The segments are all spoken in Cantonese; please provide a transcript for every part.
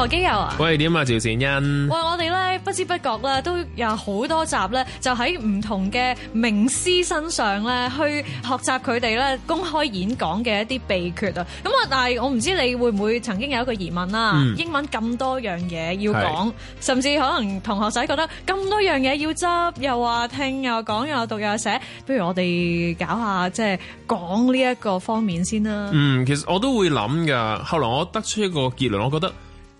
何基佑啊，喂，點啊，趙善恩？喂，我哋咧不知不覺咧都有好多集咧，就喺唔同嘅名師身上咧，去學習佢哋咧公開演講嘅一啲秘訣啊。咁啊，但係我唔知你會唔會曾經有一個疑問啦、啊？嗯、英文咁多樣嘢要講，是甚至可能同學仔覺得咁多樣嘢要執，又話聽又講又，又讀又寫，不如我哋搞下即係講呢一個方面先啦。嗯，其實我都會諗噶，後來我得出一個結論，我覺得。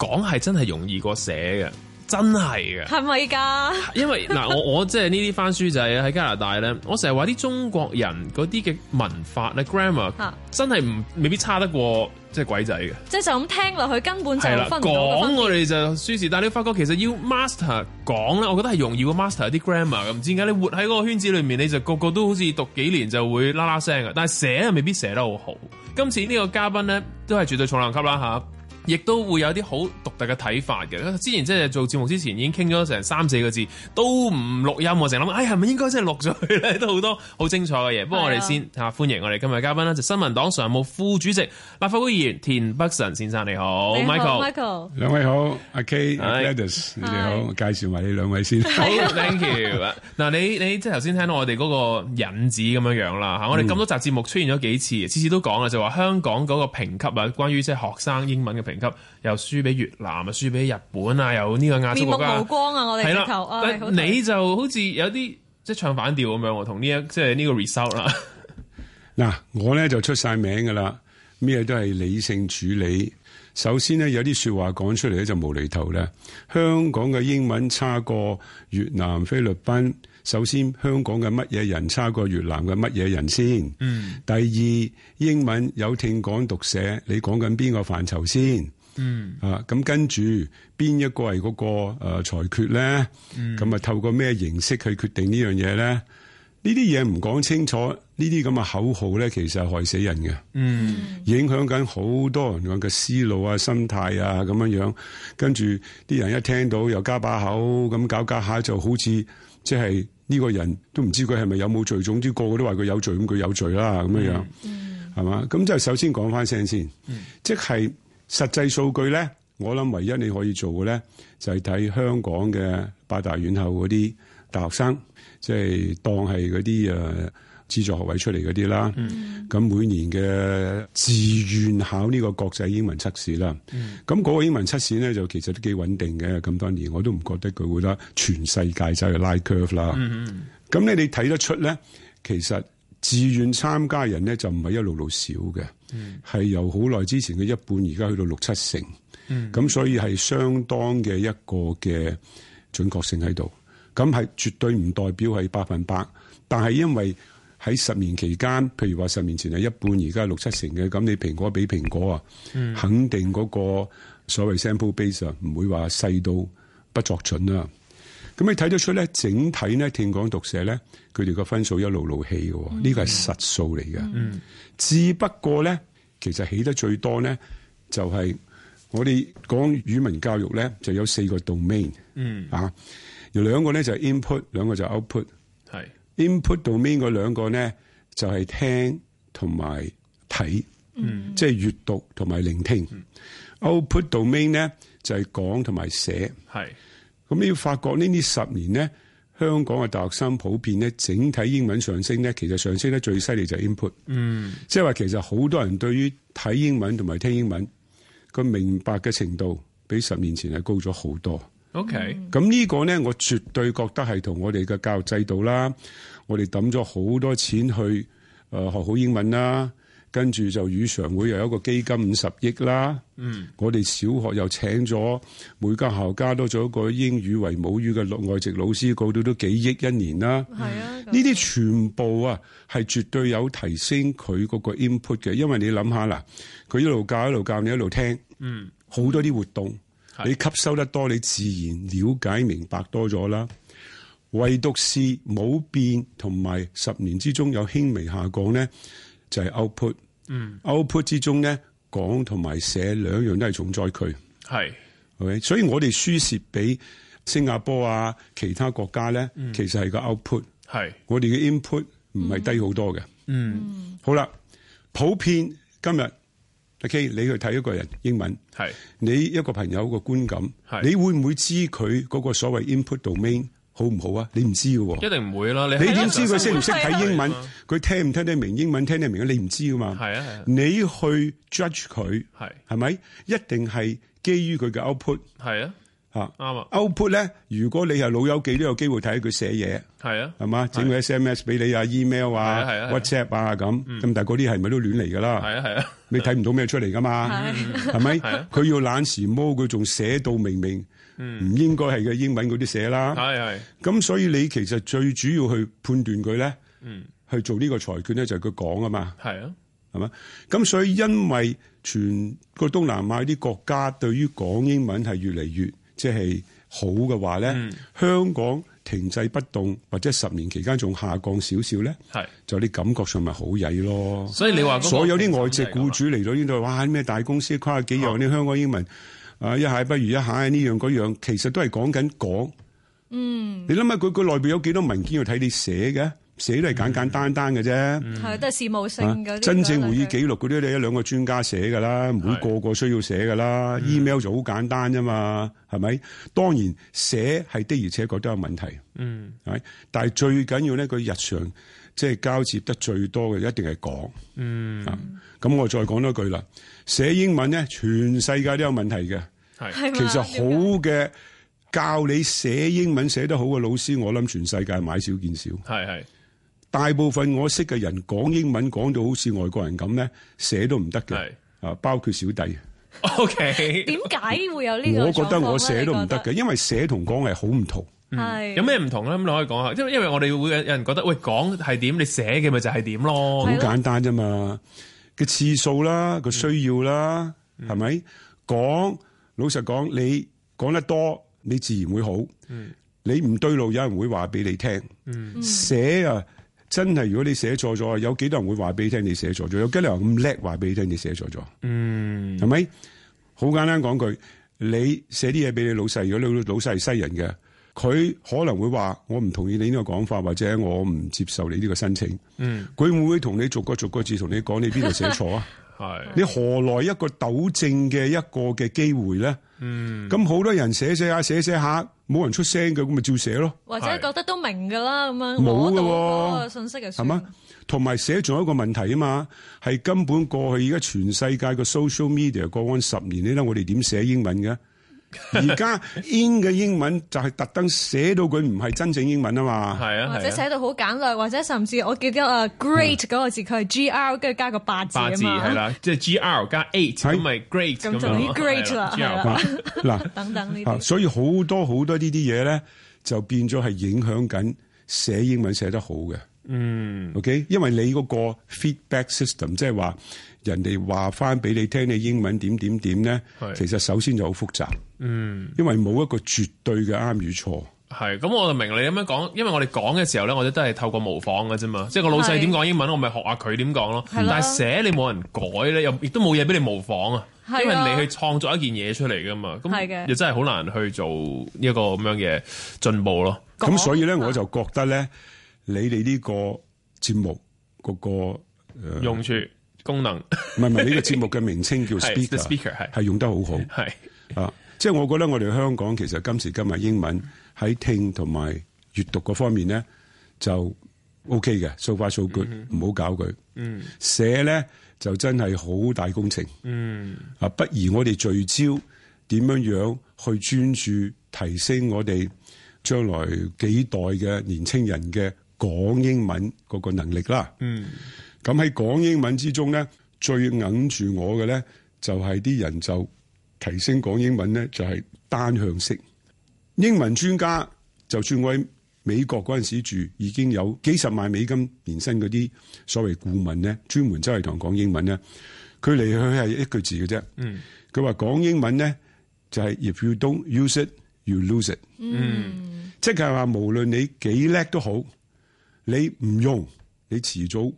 講係真係容易過寫嘅，真係嘅，係咪噶？因為嗱，我我即係呢啲番書仔喺加拿大咧，我成日話啲中國人嗰啲嘅文法咧 grammar 真係唔未必差得過即係鬼仔嘅。即係就咁聽落去根本就分唔到。講我哋就舒士，但你發覺其實要 master 講咧，我覺得係容易過 master 啲 grammar 咁。唔知點解你活喺嗰個圈子裏面，你就個個都好似讀幾年就會啦啦聲嘅，但係寫啊未必寫得好好。今次呢個嘉賓咧都係絕對重量級啦吓。亦都會有啲好獨特嘅睇法嘅。之前即係做節目之前已經傾咗成三四個字，都唔錄音喎。我成日諗，哎，係咪應該真係錄咗佢咧？都好多好精彩嘅嘢。不過我哋先嚇、啊，歡迎我哋今日嘅嘉賓啦，就是、新民黨常務副主席、立法會議員田北辰先生，你好，你好，Michael，, Michael 兩位好，阿 K，Gladys，你哋好，介紹埋你兩位先。好，Thank you。嗱、啊，你你即係頭先聽到我哋嗰個引子咁樣樣啦嚇，我哋咁多集節目出現咗幾次，次次都講啦，就話、是、香港嗰個評級啊，關於即係學生英文嘅。評級又輸俾越南啊，輸俾日本啊，又呢個亞洲國家，面目無光啊！我哋係啦，哎、你就好似有啲即係唱反調咁樣，同呢一即係呢個 result 啦。嗱，我咧就出晒名噶啦，咩都係理性處理。首先呢，有啲說話講出嚟咧就無厘頭咧。香港嘅英文差過越南、菲律賓。首先，香港嘅乜嘢人差過越南嘅乜嘢人先？嗯。第二，英文有聽講讀寫，你講緊邊個範疇先？嗯。啊，咁跟住邊一個係嗰個誒裁決咧？咁啊、嗯，透過咩形式去決定呢樣嘢咧？呢啲嘢唔講清楚，呢啲咁嘅口號咧，其實係害死人嘅。嗯。影響緊好多人嘅思路啊、心態啊咁樣樣，跟住啲人一聽到又加把口，咁搞搞下就好似。即係呢、這個、個人都唔知佢係咪有冇罪，總之個個都話佢有罪，咁佢有罪啦咁樣樣，係嘛、mm？咁即係首先講翻聲先，mm hmm. 即係實際數據咧，我諗唯一你可以做嘅咧，就係、是、睇香港嘅八大院校嗰啲大學生，即、就、係、是、當係嗰啲誒。呃資助學位出嚟嗰啲啦，咁、mm hmm. 每年嘅自願考呢個國際英文測試啦，咁嗰、mm hmm. 個英文測試咧就其實都幾穩定嘅。咁多年我都唔覺得佢會得全世界就係拉 curve 啦。咁、mm hmm. 你你睇得出咧，其實自願參加人咧就唔係一路路少嘅，係、mm hmm. 由好耐之前嘅一半而家去到六七成，咁、mm hmm. 所以係相當嘅一個嘅準確性喺度。咁係絕對唔代表係百分百，但係因為。喺十年期間，譬如話十年前係一半，而家係六七成嘅，咁你蘋果比蘋果啊，嗯、肯定嗰個所謂 sample base 啊，唔會話細到不作準啦。咁你睇得出咧，整體咧，聽講讀寫咧，佢哋個分數一路路起嘅，呢個係實數嚟嘅。嗯，只不過咧，其實起得最多咧，就係、是、我哋講語文教育咧，就有四個 domain、嗯。嗯啊，有兩個咧就係 input，兩個就 output。Input domain 嗰兩個咧，就係聽同埋睇，嗯，即係閱讀同埋聆聽。Output domain 咧，就係講同埋寫，係是，咁你要發覺呢呢十年咧，香港嘅大學生普遍咧，整體英文上升咧，其實上升咧最犀利就係 input。嗯，即係話其實好多人對於睇英文同埋聽英文佢明白嘅程度，比十年前係高咗好多。OK，咁呢個咧，我絕對覺得係同我哋嘅教育制度啦，我哋抌咗好多錢去誒、呃、學好英文啦，跟住就語常會又有一個基金五十億啦，嗯，我哋小學又請咗每間學校加多咗一個英語為母語嘅外籍老師，嗰度都幾億一年啦，係啊、嗯，呢啲全部啊係絕對有提升佢嗰個 input 嘅，因為你諗下啦，佢一路教一路教你一路聽，嗯，好多啲活動。你吸收得多，你自然了解明白多咗啦。唯獨是冇變同埋十年之中有輕微下降咧，就係、是、output。嗯，output 之中咧，講同埋寫兩樣都係重災區。係，OK 所以我哋輸蝕畀新加坡啊，其他國家咧，嗯、其實係個 output。係是，我哋嘅 input 唔係低好多嘅。嗯，嗯好啦，普遍今日。o、okay? K，你去睇一個人英文，係是你一個朋友個觀感，係是你會唔會知佢嗰個所謂 input domain 好唔好啊？你唔知嘅喎，一定唔會啦。你你點知佢識唔識睇英文？佢、啊、聽唔聽得明英文聽明？聽得明嘅你唔知噶嘛。係啊係啊，啊你去 judge 佢係係咪？一定係基於佢嘅 output。係啊。啊啱啊 Output 咧，如果你係老友記都有機會睇佢寫嘢，係啊，係嘛，整個 SMS 俾你啊，email 啊，WhatsApp 啊咁，咁但係嗰啲係咪都亂嚟㗎啦？係啊係啊，你睇唔到咩出嚟㗎嘛？係咪？佢要懶時髦，佢仲寫到明明唔應該係嘅英文嗰啲寫啦。係係。咁所以你其實最主要去判斷佢咧，嗯，去做呢個裁決咧就係佢講啊嘛。係啊，係嘛？咁所以因為全個東南亞啲國家對於講英文係越嚟越，即係好嘅話咧，嗯、香港停滯不動，或者十年期間仲下降少少咧，是就啲感覺上咪好曳咯。所以你話所有啲外籍僱主嚟到呢度，哇！咩大公司誇幾樣啲、啊、香港英文、嗯、啊，一下不如一下呢樣嗰樣，其實都係講緊講。嗯，你諗下佢佢內邊有幾多文件要睇你寫嘅？寫都係簡簡單單嘅啫，係、嗯啊、都係事務性嘅。啊、真正會議記錄嗰啲，你一兩個專家寫㗎啦，唔會是個個需要寫㗎啦。嗯、email 就好簡單啫嘛，係咪？當然寫係的，而且確都有問題。嗯，係，但係最緊要咧，佢日常即係交接得最多嘅，一定係講。嗯，咁、啊、我再講多句啦。寫英文咧，全世界都有問題嘅，係、嗯，其實好嘅嗎教你寫英文寫得好嘅老師，我諗全世界買少見少。係係的。大部分我識嘅人講英文講到好似外國人咁咧，寫都唔得嘅，啊、包括小弟。OK，點解會有呢個？我覺得我寫都唔得嘅，因為寫同講係好唔同。係有咩唔同咧？咁你可以講下，因為因為我哋會有有人覺得，喂講係點，你寫嘅咪就係點咯。好簡單啫嘛，個次數啦，個需要啦，係咪？講，老實講，你講得多，你自然會好。嗯，你唔對路，有人會話俾你聽。嗯，寫啊。真係如果你寫錯咗，有幾多人會話俾你聽你寫錯咗？有幾多人咁叻話俾你聽你寫錯咗？嗯，係咪？好簡單講句，你寫啲嘢俾你老細，如果你老細係西人嘅，佢可能會話我唔同意你呢個講法，或者我唔接受你呢個申請。嗯，佢會唔會同你逐個逐個字同你講你邊度寫錯啊？係 是，你何來一個糾正嘅一個嘅機會咧？嗯，咁好多人寫寫下寫寫下，冇人出聲嘅，咁咪照寫咯，或者覺得都明噶啦，咁樣攞到嗰個信息，嘅係嘛？同埋寫仲有一個問題啊嘛，係根本過去而家全世界個 social media 過往十年你咧，我哋點寫英文嘅？而家 in 嘅英文就係特登寫到佢唔係真正英文啊嘛，係啊，或者寫到好簡略，或者甚至我記得啊 great 嗰個字，佢係 gr 跟住加個八字嘛，係啦，即係、就是、gr 加 eight 咁咪 great 咁就叫 great 啦，等等呢、啊、所以好多好多呢啲嘢咧，就變咗係影響緊寫英文寫得好嘅，嗯，ok，因為你嗰個 feedback system 即係話。人哋話翻俾你聽，你英文點點點咧，是其實首先就好複雜，嗯，因為冇一個絕對嘅啱與錯。係咁，我就明你咁樣講，因為我哋講嘅時候咧，我哋都係透過模仿噶啫嘛，即係個老細點講英文，是我咪學下佢點講咯。的但係寫你冇人改咧，又亦都冇嘢俾你模仿啊，的因為你去創作一件嘢出嚟噶嘛，咁又真係好難去做呢一個咁樣嘅進步咯。咁講所以咧，我就覺得咧，嗯、你哋呢個節目嗰、那個、嗯、用處。功能唔係唔係，呢個節目嘅名稱叫 speaker，speaker 係係用得好好係 是 啊！即係我覺得我哋香港其實今時今日英文喺聽同埋閱讀嗰方面咧就 O K 嘅，so far so good，唔好搞佢，嗯、mm，寫、hmm. 咧就真係好大工程，嗯、mm hmm. 啊，不如我哋聚焦點樣樣去專注提升我哋將來幾代嘅年青人嘅講英文嗰個能力啦，嗯、mm。Hmm. 咁喺講英文之中咧，最鯁住我嘅咧，就係啲人就提升講英文咧，就係單向式。英文專家，就算我喺美國嗰陣時住，已經有幾十萬美金年薪嗰啲所謂顧問咧，專門周圍同人講英文咧，佢嚟，去係一句字嘅啫。嗯，佢話講英文咧就係 if you don't use it, you lose it。嗯，即係話無論你幾叻都好，你唔用你遲早。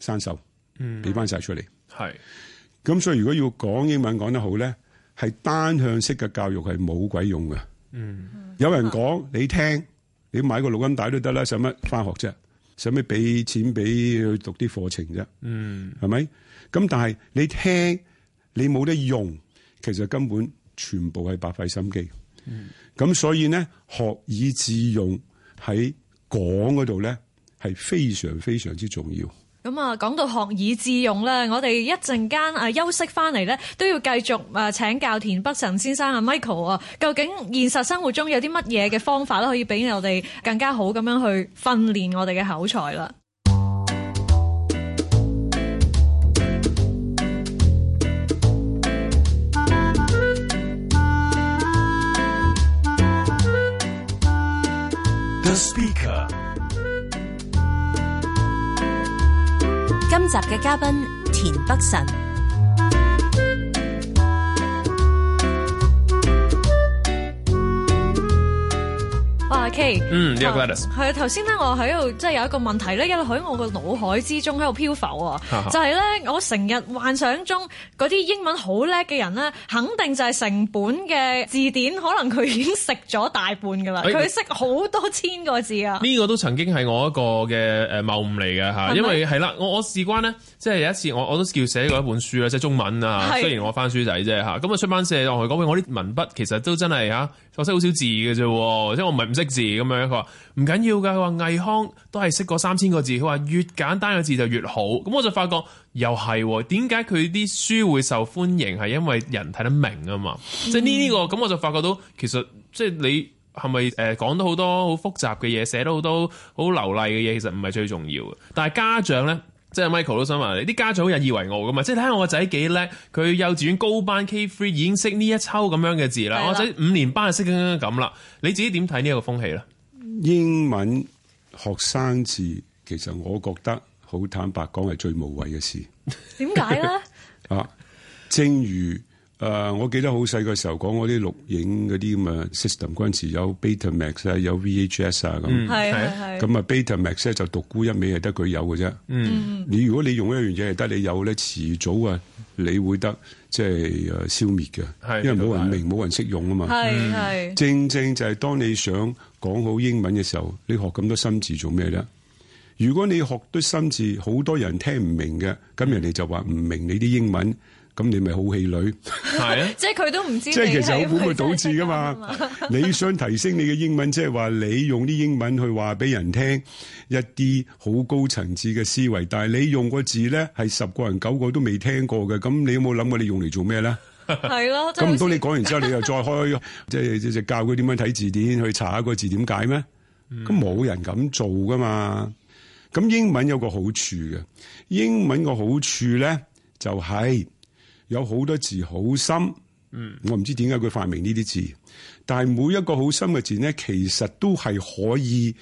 生壽，嗯，俾翻晒出嚟係咁，是所以如果要講英文講得好咧，係單向式嘅教育係冇鬼用噶。嗯，有人講，嗯、你聽，你買個錄音帶都得啦，使乜翻學啫？使乜俾錢俾佢去讀啲課程啫？嗯，係咪咁？但係你聽你冇得用，其實根本全部係白費心機。嗯，咁所以咧，學以致用喺講嗰度咧係非常非常之重要。咁啊，講到學以致用咧，我哋一陣間啊休息翻嚟咧，都要繼續啊請教田北辰先生啊 Michael 啊，究竟現實生活中有啲乜嘢嘅方法咧，可以俾我哋更加好咁樣去訓練我哋嘅口才啦。The speaker。今集嘅嘉賓田北辰。嗯，Yes, Gladys。頭先咧，我喺度即係有一個問題咧，一路喺我個腦海之中喺度漂浮啊。就係咧，我成日幻想中嗰啲英文好叻嘅人咧，肯定就係成本嘅字典，可能佢已經食咗大半噶啦。佢識好多千個字啊！呢個都曾經係我一個嘅誒謬誤嚟嘅嚇，因為係啦，我我事關呢，即係有一次我我都叫寫過一本書啊，即係中文啊。雖然我翻書仔啫嚇，咁啊出版社落去講，我啲文筆其實都真係嚇，我識好少字嘅啫，即係我唔係唔識字。咁樣佢話唔緊要㗎，佢話藝康都係識過三千個字，佢話越簡單嘅字就越好。咁我就發覺又係，點解佢啲書會受歡迎係因為人睇得明啊嘛？即係呢呢個咁我就發覺到其實即係你係咪誒講到好多好複雜嘅嘢，寫到好多好流麗嘅嘢，其實唔係最重要嘅。但係家長咧。即係 Michael 都想問你，啲家長好引以為傲噶嘛？即係睇下我個仔幾叻，佢幼稚園高班 K3 已經識呢一抽咁樣嘅字啦，了我仔五年班就識緊咁啦。你自己點睇呢個風氣咧？英文學生字其實我覺得好坦白講係最無謂嘅事。點解咧？啊， 正如。誒，uh, 我記得好細個時候講嗰啲錄影嗰啲咁啊 system 嗰陣時有 Betamax 啊，有 VHS 啊咁。係啊係。咁啊 Betamax 咧就獨沽一味係得佢有嘅啫。嗯。你如果你用一樣嘢係得，你有咧，遲早啊你會得即係、呃、消滅嘅。係。因為冇人明，冇人識用啊嘛。係係。正正就係當你想講好英文嘅時候，你學咁多新字做咩咧？如果你學多新字，好多人聽唔明嘅，咁人哋就話唔明你啲英文。咁你咪好氣餒係啊， 即係佢都唔知。即係其實好本末倒置噶嘛。 你想提升你嘅英文，即係話你用啲英文去話俾人聽一啲好高層次嘅思維，但係你用個字咧，係十個人九個都未聽過嘅。咁你有冇諗過你用嚟做咩咧？係咯，咁唔通你講完之後，你又再開即係即係教佢點樣睇字典去查下個字點解咩？咁冇、 嗯、人咁做噶嘛。咁英文有個好處嘅，英文個好處咧就係、是。有好多字好深，嗯，我唔知點解佢發明呢啲字，但係每一個好深嘅字咧，其實都係可以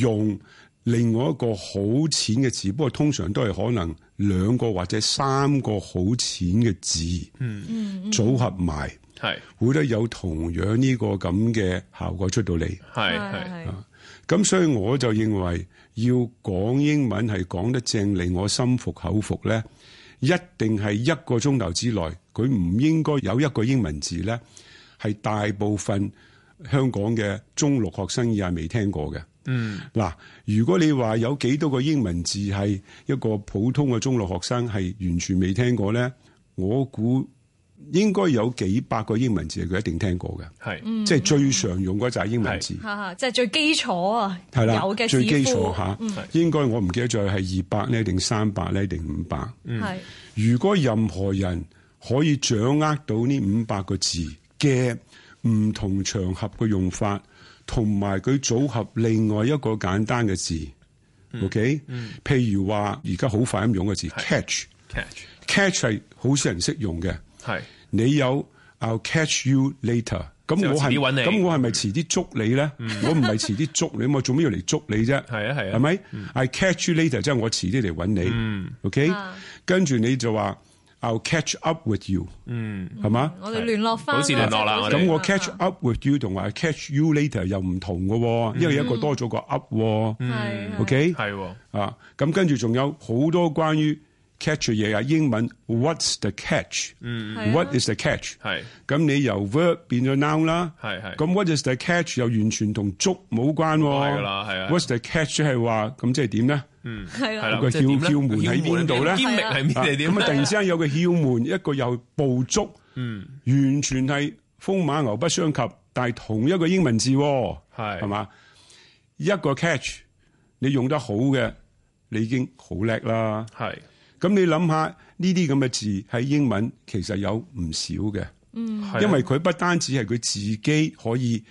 用另外一個好淺嘅字，不過通常都係可能兩個或者三個好淺嘅字，嗯嗯，組合埋，係、嗯嗯、會得有同樣呢個咁嘅效果出到嚟，係係啊，咁所以我就認為要講英文係講得正，令我心服口服咧。一定係一個鐘頭之內，佢唔應該有一個英文字呢，係大部分香港嘅中六學生而係未聽過嘅。嗯，嗱，如果你話有幾多個英文字係一個普通嘅中六學生係完全未聽過呢？我估。應該有幾百個英文字，佢一定聽過嘅，係是、嗯、即係最常用嗰就係英文字，嚇即係最基礎啊，係啦，最基礎嚇。嗯、應該我唔記得咗係二百呢，定三百呢？定五百。係是如果任何人可以掌握到呢五百個字嘅唔同場合嘅用法，同埋佢組合另外一個簡單嘅字，OK，譬如話而家好快咁用個字，catch，catch，catch 係好少人識用嘅。係，你有 I'll catch you later，咁我係咁我係咪遲啲捉你咧？我唔係遲啲捉你，我做咩要嚟捉你啫？係啊係啊，係咪？I'll catch you later，即係我遲啲嚟揾你。嗯，OK，跟住你就話 I'll catch up with you，嗯，係嘛？我哋聯絡翻，好似聯絡啦。咁我 catch up with you 同埋 catch you later 又唔同噶，因為一個多咗個 up。係，OK，係喎，啊，咁跟住仲有好多關於。Catch 嘅嘢啊，英文 What's the catch？What is the catch？係咁，你由 verb 變咗 noun 啦。係係咁，What is the catch？又完全同捉冇關。係啦，係啊。What's the catch？係話咁即係點咧？嗯，係啦。個竅竅門喺邊度咧？竅門係咩嚟？點啊？突然之間有個竅門，一個又捕捉，嗯，完全係風馬牛不相及，但係同一個英文字，係係嘛？一個 catch 你用得好嘅，你已經好叻啦。係。咁你諗下呢啲咁嘅字喺英文，其實有唔少嘅，嗯，因為佢不單止係佢自己可以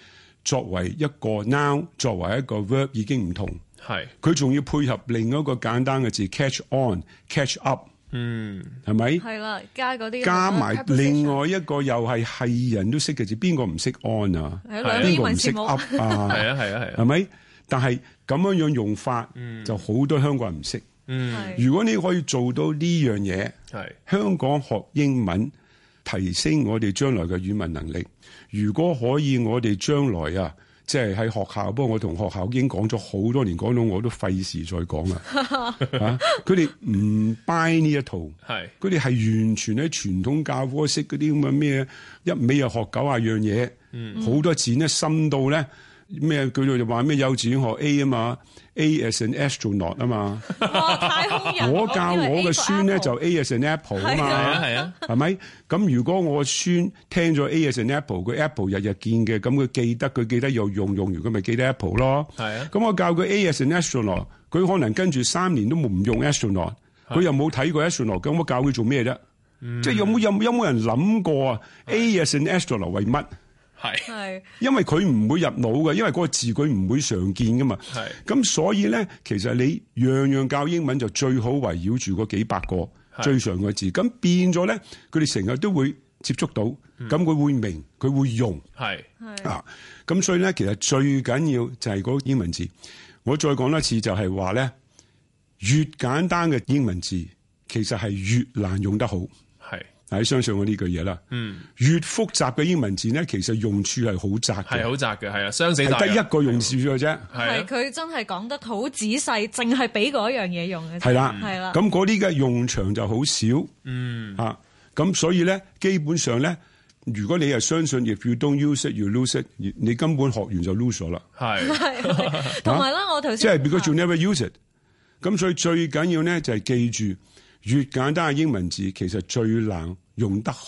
作為一個 noun 作為一個 verb 已經唔同，係佢仲要配合另一個簡單嘅字 catch on catch up，嗯，係咪？係啦，加啲加埋另外一個又係係人都識嘅字，邊個唔識 on 啊？係咯的，邊個唔識 up 啊的？係啊、嗯，係啊，係啊，係咪？但係咁樣樣用法，嗯、就好多香港人唔識。嗯，如果你可以做到呢樣嘢，係是香港學英文提升我哋將來嘅語文能力。如果可以，我哋將來啊，即係喺學校，不過我同學校已經講咗好多年，講到我都費事再講啦。 啊，佢哋唔 buy 呢一套，係佢哋係完全喺傳統教科式嗰啲咁嘅咩，一味又學九廿樣嘢，嗯，好、嗯、多字咧，深度咧，咩叫做就話咩幼稚園學 A 啊嘛。A as an astronaut 啊嘛，我教我嘅孫咧就 A as an Apple 啊嘛，係啊係啊，係咪？咁如果我孫聽咗 A as an Apple，佢 Apple 日日見嘅，咁佢記得佢記得又用，用完佢咪記得 Apple 咯。係啊，咁我教佢 A as an Astronaut，佢可能跟住三年都唔用 Astronaut，佢又冇睇過 Astronaut，咁我教佢做咩啫？即係有冇有冇有冇人諗過啊？A as an Astronaut 為乜？係是，因為佢唔會入腦嘅，因為嗰個字佢唔會常見噶嘛。係是，咁所以咧，其實你樣樣教英文就最好圍繞住嗰幾百個最常用嘅字，咁是變咗咧，佢哋成日都會接觸到，咁佢、嗯、會明，佢會用。係是，啊，咁所以咧，其實最緊要就係嗰英文字。我再講多次，就係話咧，越簡單嘅英文字，其實係越難用得好。係相信我呢句嘢啦。嗯，越複雜嘅英文字咧，其實用處係好窄嘅，好窄嘅，係啊，雙死窄，得一個用處嘅啫。係佢真係講得好仔細，淨係俾嗰樣嘢用嘅。係啦的，係啦、嗯。咁嗰啲嘅用場就好少。嗯，啊，咁所以咧，基本上咧，如果你係相信 if you don't use it you lose it，你根本學完就 lose 咗啦。係的，係、 啊。同埋咧，我頭先即係 because you never use it。咁所以最緊要咧就係記住，越簡單嘅英文字，其實最難。用得好，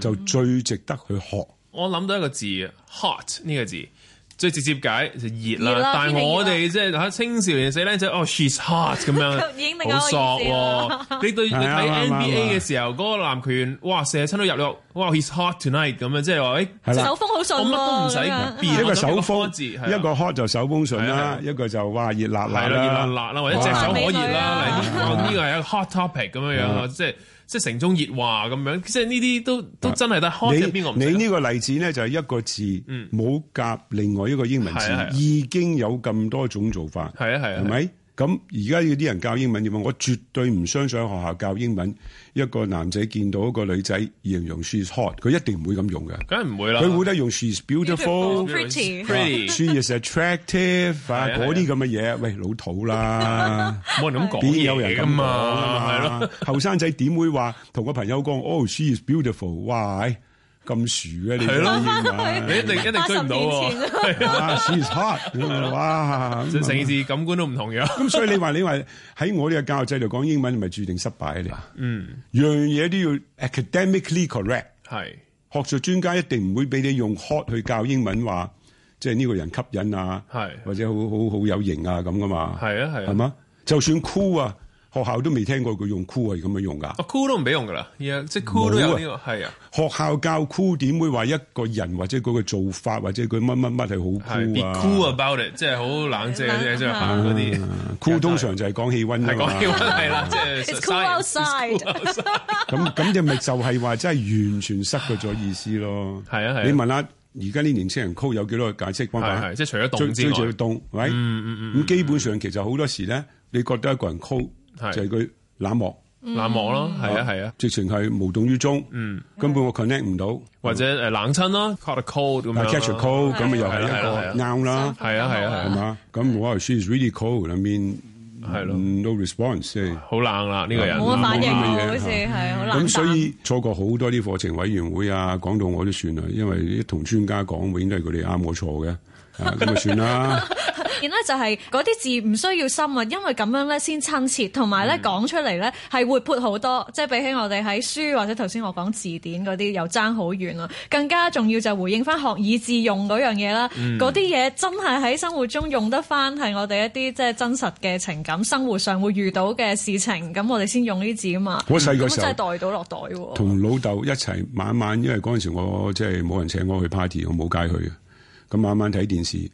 就最值得去學。我諗到一個字，hot 呢個字，最直接解就熱啦。但係我哋即係吓青少年細咧就哦，she's hot 咁樣，已經好索喎。你對你睇 NBA 嘅時候，嗰個籃球員哇射親都入咯，哇 he's hot tonight 咁樣，即係話誒手風好順我乜都唔使變，一個手風一個 hot 就手風順啦，一個就哇熱辣辣啦，熱辣辣啦，或者只手可熱啦呢個係一個 hot topic 咁樣樣即係。即係城中熱話咁樣，即係呢啲都都真係得開。邊個唔？你呢個例子咧就係一個字，冇夾、嗯、另外一個英文字，係啊係啊已經有咁多種做法。係啊係啊係係，係咪？咁而家要啲人教英文要問，我絕對唔相信學校教英文，一個男仔見到一個女仔，形容 She's hot，佢一定唔會咁用嘅。梗係唔會啦，佢會得用 She's beautiful, Beautiful . She is, is attractive 啊，嗰啲咁嘅嘢。喂，老土啦，冇 人咁講，邊有人咁嘛，係咯 是的，後生仔點會話同個朋友講哦、oh, she is beautiful，why 咁薯嘅你一定你一定一定追唔到喎。哇，hot，哇，就成件事感官都唔同樣。咁所以你話你話喺我呢個教育制度講英文，咪注定失敗啊你？嗯，樣嘢都要 academically correct。係，學術專家一定唔會俾你用 hot 去教英文話，即係呢個人吸引啊，係，或者好好好有型啊咁㗎嘛。係啊係啊，係嘛？就算 cool 啊。學校都未聽過佢用 cool 係咁樣用㗎，cool 都唔俾用㗎啦，即係 cool 都有呢個係啊。學校教 cool 點會話一個人或者嗰個做法或者佢乜乜乜係好 cool 啊？Be cool about it 即係好冷靜嘅啫，即係嗰啲 cool 通常就係講氣温啦，係講氣温係啦，即係。It's cool outside。咁咁你咪就係話真係完全失去咗意思咯。係啊係。你問下而家啲年輕人 cool 有幾多個解釋方法？即係除咗凍之外。最最凍，喂。嗯咁基本上其實好多時咧，你覺得一個人 cool。就係佢冷漠，冷漠咯，係啊，係啊、so，直情係無動於衷，嗯，根本我 connect 唔到，或者誒冷親啦，caught a cold 咁樣 catch a cold 咁啊又係一個啱啦，係啊係啊，係嘛？咁我話 she is really cold，I mean 係咯，no response，好冷啦呢個人，冇反應嘅好似係，好冷淡。咁所以錯過好多啲課程委員會啊，講到我都算啦，因為同專家講，永遠都係佢哋啱我錯嘅，啊咁啊算啦。然咧就係嗰啲字唔需要深啊，因為咁樣咧先親切，同埋咧講出嚟咧係活潑好多，嗯、即係比起我哋喺書或者頭先我講字典嗰啲又爭好遠咯。更加重要就係回應翻學以致用嗰樣嘢啦。嗰啲嘢真係喺生活中用得翻，係我哋一啲即係真實嘅情感，生活上會遇到嘅事情，咁我哋先用呢字啊嘛。我細個時真係袋到落袋喎。同老豆一齊晚晚，因為嗰陣時我即係冇人請我去 party，我冇街去啊。咁晚晚睇電視。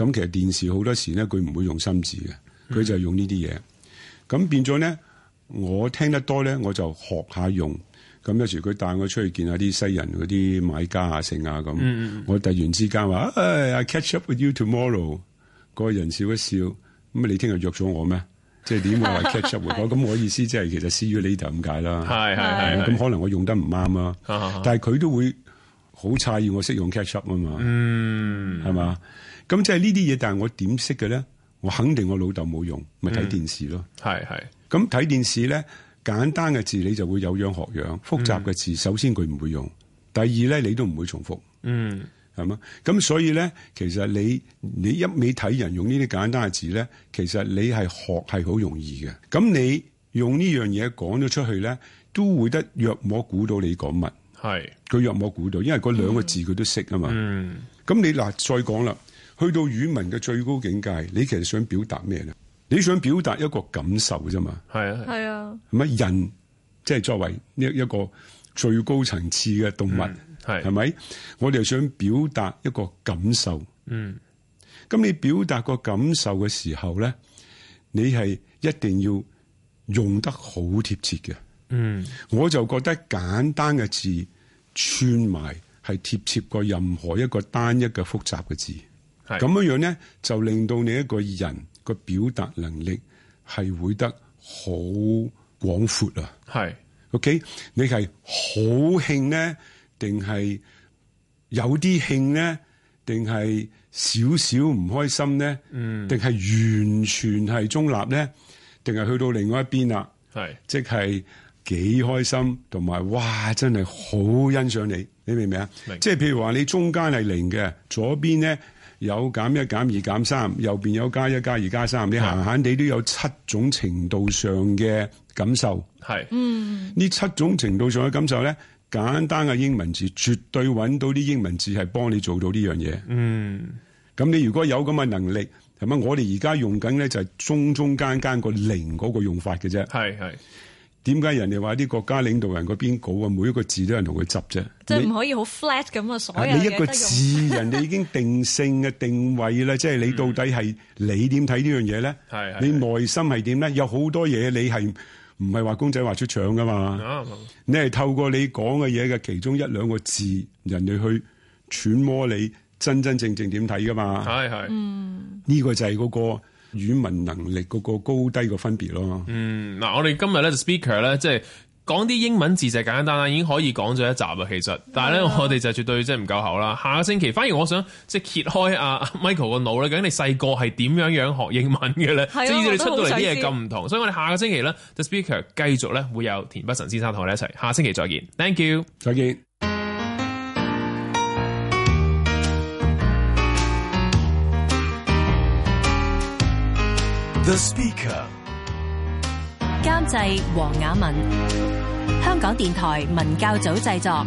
咁其實電視好多時咧，佢唔會用心智嘅，佢就用呢啲嘢。咁變咗咧，我聽得多咧，我就學下用。咁有時佢帶我出去見下啲西人嗰啲買家啊、剩啊咁。我突然之間話，哎，I catch up with you tomorrow。嗰個人笑一笑，咁你聽日約咗我咩？即係點會話 catch up？我咁我意思即係其實 see you later 咁解啦。係係係。咁可能我用得唔啱啊，但係佢都會好詫異我識用 catch up 啊嘛。嗯，係嘛？咁即係呢啲嘢，但係我點識嘅咧？我肯定我老豆冇用，咪睇電視咯。係係、嗯。咁睇電視咧，簡單嘅字你就會有樣學樣，複雜嘅字首先佢唔會用，嗯、第二咧你都唔會重複。嗯，係嘛？咁所以咧，其實你你一味睇人用呢啲簡單嘅字咧，其實你係學係好容易嘅。咁你用呢樣嘢講咗出去咧，都會得若我估到你講乜。係、嗯，佢若我估到，因為嗰兩個字佢都識啊嘛。嗯，咁、嗯、你嗱再講啦。去到語文嘅最高境界，你其實想表達咩咧？你想表達一個感受啫嘛，係啊，係啊，係咪人即係作為一一個最高層次嘅動物，係係咪？我哋又想表達一個感受，嗯，咁你表達個感受嘅時候咧，你係一定要用得好貼切嘅，嗯，我就覺得簡單嘅字串埋係貼切過任何一個單一嘅複雜嘅字。咁樣樣咧，就令到你一個人個表達能力係會得好廣闊啊！係是，OK？你係好興咧，定係有啲興咧，定係少少唔開心咧？嗯，定係完全係中立咧？定係去到另外一邊啦？係是，即係幾開心同埋，哇！真係好欣賞你，你明唔明啊白？明，即係譬如話，你中間係零嘅，左邊咧。有減一減二減三，3，右邊有加一加二加三，你閒閒地都有七種程度上嘅感受。係是，嗯，呢七種程度上嘅感受咧，簡單嘅英文字絕對揾到啲英文字係幫你做到呢樣嘢。嗯，咁你如果有咁嘅能力，係咪？我哋而家用緊咧就係中中間間個零嗰個用法嘅啫。係係。點解人哋話啲國家領導人嗰邊稿啊，每一個字都有人同佢執啫，即係唔可以好 flat 咁啊！所有、啊、你一個字， 人哋已經定性嘅定位咧，即係你到底係、嗯、你點睇呢是是是樣嘢咧？係你內心係點咧？有好多嘢你係唔係畫公仔畫出腸噶嘛？啊、你係透過你講嘅嘢嘅其中一兩個字，人哋去揣摩你真真正正點睇噶嘛？係係，嗯，呢、嗯、個就係嗰、那個。語文能力嗰個高低個分別咯。嗯，嗱，我哋今日咧 The Speaker 咧，即係講啲英文字就簡，簡單啦，已經可以講咗一集啦。其實，但係咧 Yeah. 我哋就絕對即係唔夠喉啦。下個星期，反而我想即係揭開阿、啊、Michael 個腦咧，究竟你細個係點樣樣學英文嘅咧？Yeah, 即係你出到嚟啲嘢咁唔同。所以我哋下個星期咧，The Speaker 繼續咧會有田北辰先生同我哋一齊。下星期再見，Thank you，再見。監製黃雅敏，香港電台文教組製作。